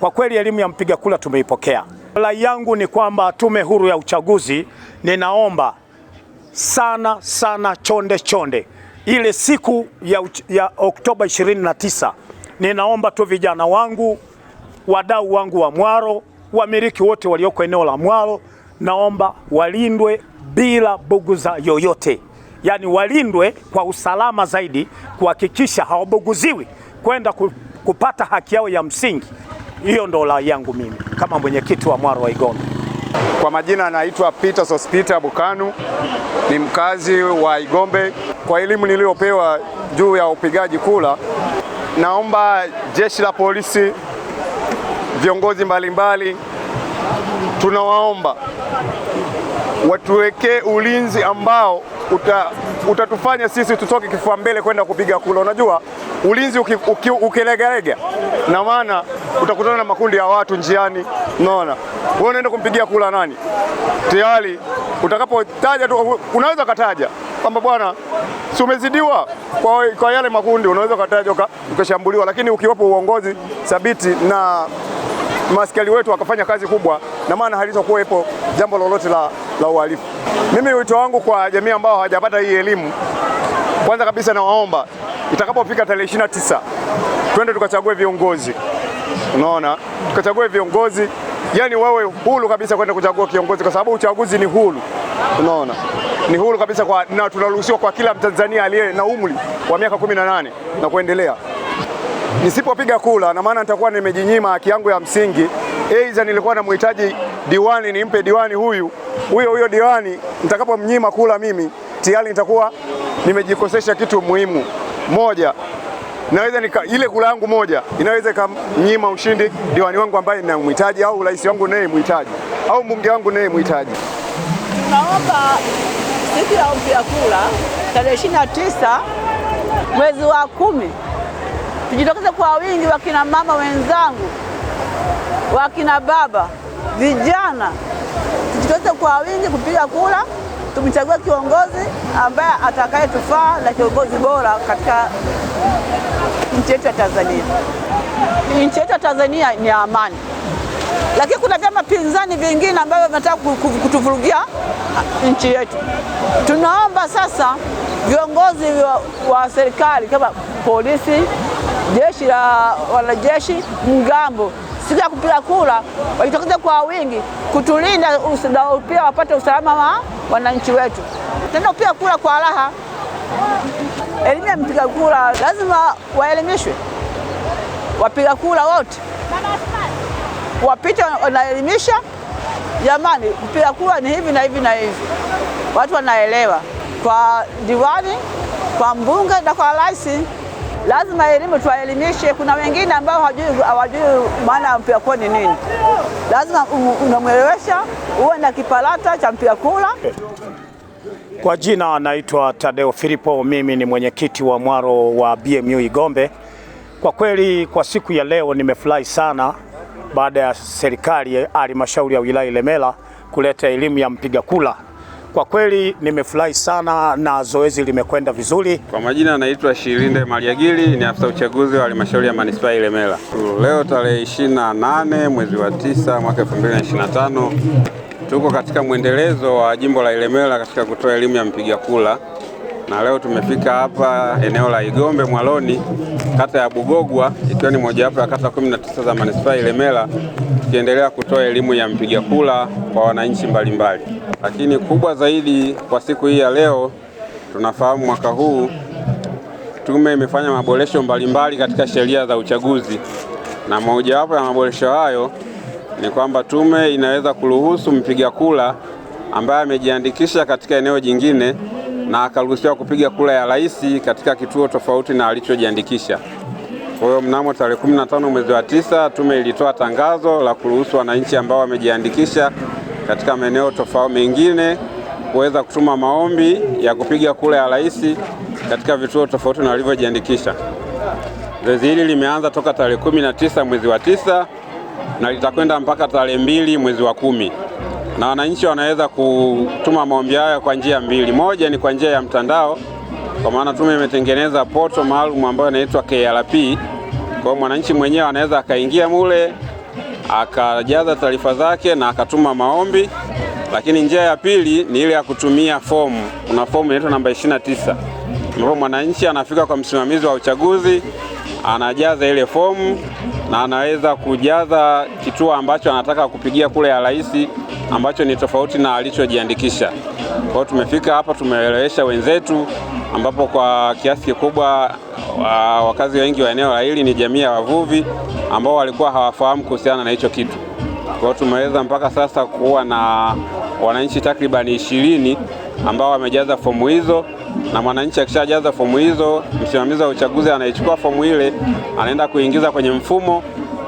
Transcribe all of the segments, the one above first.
Kwa kweli elimu ya mpiga kura tumeipokea. Rai yangu ni kwamba Tume Huru ya Uchaguzi, ninaomba sana sana, chonde chonde, ile siku ya, ya Oktoba 29 ninaomba tu vijana wangu, wadau wangu wa Mwaro, wamiliki wote walioko eneo la Mwaro naomba walindwe bila buguza yoyote, yaani walindwe kwa usalama zaidi, kuhakikisha hawabuguziwi kwenda kupata haki yao ya msingi. Hiyo ndo la yangu mimi kama mwenyekiti wa Mwaro wa Igombe. Kwa majina anaitwa Peter Sospita Bukanu, ni mkazi wa Igombe. Kwa elimu niliyopewa juu ya upigaji kura, naomba jeshi la polisi, viongozi mbalimbali mbali, tunawaomba watuwekee ulinzi ambao uta, utatufanya sisi tutoke kifua mbele kwenda kupiga kula. Unajua ulinzi uki, uki, ukilegalega na maana utakutana na makundi ya watu njiani. Unaona, wewe unaenda kumpigia kula nani? Tayari utakapotaja tu unaweza kataja kwamba bwana, si umezidiwa kwa, kwa yale makundi, unaweza ukataja ukashambuliwa, lakini ukiwapo uongozi thabiti na maskari wetu wakafanya kazi kubwa, na maana halizokuwepo jambo lolote la, la uhalifu. Mimi wito wangu kwa jamii ambao hawajapata hii elimu, kwanza kabisa nawaomba itakapofika tarehe ishirini na tisa twende tukachague viongozi. Unaona, tukachague viongozi, yani wewe huru kabisa kwenda kuchagua kiongozi, kwa sababu uchaguzi ni huru. Unaona, ni huru kabisa kwa, na tunaruhusiwa kwa kila Mtanzania aliye na umri wa miaka kumi na nane na kuendelea Nisipopiga kula na maana nitakuwa nimejinyima haki yangu ya msingi. Aidha, nilikuwa namhitaji diwani, nimpe diwani huyu huyo huyo diwani, nitakapomnyima kula mimi tayari nitakuwa nimejikosesha kitu muhimu. Moja, naweza nika, ile kula yangu moja inaweza ikamnyima ushindi diwani wangu ambaye ninamhitaji, au rais wangu naye mhitaji, au mbunge wangu naye mhitaji. Tunaomba siku ya kula tarehe 29 mwezi wa kumi tujitokeze kwa wingi, wakina mama wenzangu, wakina baba, vijana, tujitokeze kwa wingi kupiga kura, tumchague kiongozi ambaye atakaye tufaa na kiongozi bora katika nchi yetu ya Tanzania. Nchi yetu ya Tanzania ni amani, lakini kuna vyama pinzani vingine ambavyo vinataka kutuvurugia nchi yetu. Tunaomba sasa viongozi wa, wa serikali kama polisi jeshi la wanajeshi mgambo siku ya kupiga kura walitokeza kwa wingi kutulinda na pia wapate usalama wa wananchi wetu. Tena kupiga kura kwa raha, elimu ya mpiga kura lazima waelimishwe, wapiga kura wote wapite wanaelimisha, jamani, kupiga kura ni hivi na hivi na hivi, watu wanaelewa, kwa diwani, kwa mbunge na kwa rais lazima elimu tuwaelimishe. Kuna wengine ambao hawajui hawajui maana ya mpiga kura ni nini. Lazima unamwelewesha, uwe na kipalata cha mpiga kura. Kwa jina naitwa Tadeo Filipo, mimi ni mwenyekiti wa mwaro wa BMU Igombe. Kwa kweli kwa siku ya leo nimefurahi sana baada ya serikali halmashauri ya wilaya Ilemela kuleta elimu ya mpiga kura. Kwa kweli nimefurahi sana na zoezi limekwenda vizuri. Kwa majina anaitwa Shirinde Maliagili, ni afisa uchaguzi wa halmashauri ya manispaa ya Ilemela. Leo tarehe 28 mwezi wa 9 mwaka 2025 tuko katika mwendelezo wa jimbo la Ilemela katika kutoa elimu ya mpiga kura na leo tumefika hapa eneo la Igombe Mwaloni, kata ya Bugogwa, ikiwa ni mojawapo ya kata 19 za manispaa Ilemela, tukiendelea kutoa elimu ya mpiga kura kwa wananchi mbalimbali. Lakini kubwa zaidi kwa siku hii ya leo, tunafahamu mwaka huu tume imefanya maboresho mbalimbali katika sheria za uchaguzi, na mojawapo ya maboresho hayo ni kwamba tume inaweza kuruhusu mpiga kura ambaye amejiandikisha katika eneo jingine na akaruhusiwa kupiga kura ya rais katika kituo tofauti na alichojiandikisha. Kwa hiyo mnamo tarehe 15 mwezi wa tisa tume ilitoa tangazo la kuruhusu wananchi ambao wamejiandikisha katika maeneo tofauti mengine kuweza kutuma maombi ya kupiga kura ya rais katika vituo tofauti na walivyojiandikisha. Zoezi hili limeanza toka tarehe 19 mwezi wa tisa na litakwenda mpaka tarehe mbili mwezi wa kumi na wananchi wanaweza kutuma maombi hayo kwa njia mbili. Moja ni kwa njia ya mtandao, kwa maana tume imetengeneza poto maalum ambayo inaitwa KRP. Kwa hiyo mwananchi mwenyewe anaweza akaingia mule akajaza taarifa zake na akatuma maombi. Lakini njia ya pili ni ile ya kutumia fomu. Kuna fomu inaitwa namba 29 ambapo mwananchi anafika kwa msimamizi wa uchaguzi anajaza ile fomu na anaweza kujaza kituo ambacho anataka kupigia kule ya rais ambacho ni tofauti na alichojiandikisha. Kwa hiyo tumefika hapa, tumeelewesha wenzetu, ambapo kwa kiasi kikubwa wakazi wengi wa eneo la hili ni jamii ya wavuvi ambao walikuwa hawafahamu kuhusiana na hicho kitu. Kwa hiyo tumeweza mpaka sasa kuwa na wananchi takribani ishirini ambao wamejaza fomu hizo na mwananchi akishajaza fomu hizo, msimamizi wa uchaguzi anaichukua fomu ile, anaenda kuingiza kwenye mfumo.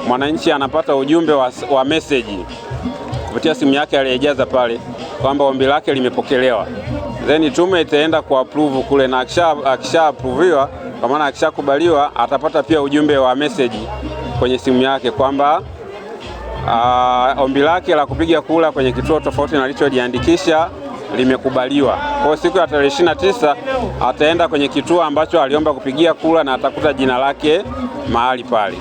Mwananchi anapata ujumbe wa, wa meseji kupitia simu yake aliyejaza pale kwamba ombi lake limepokelewa, then tume itaenda approve kule, na akisha apruviwa, kwa maana akishakubaliwa, atapata pia ujumbe wa meseji kwenye simu yake kwamba ombi lake la kupiga kura kwenye kituo tofauti na alichojiandikisha limekubaliwa. Kwa siku ya tarehe ishirini na tisa ataenda kwenye kituo ambacho aliomba kupigia kura na atakuta jina lake mahali pale.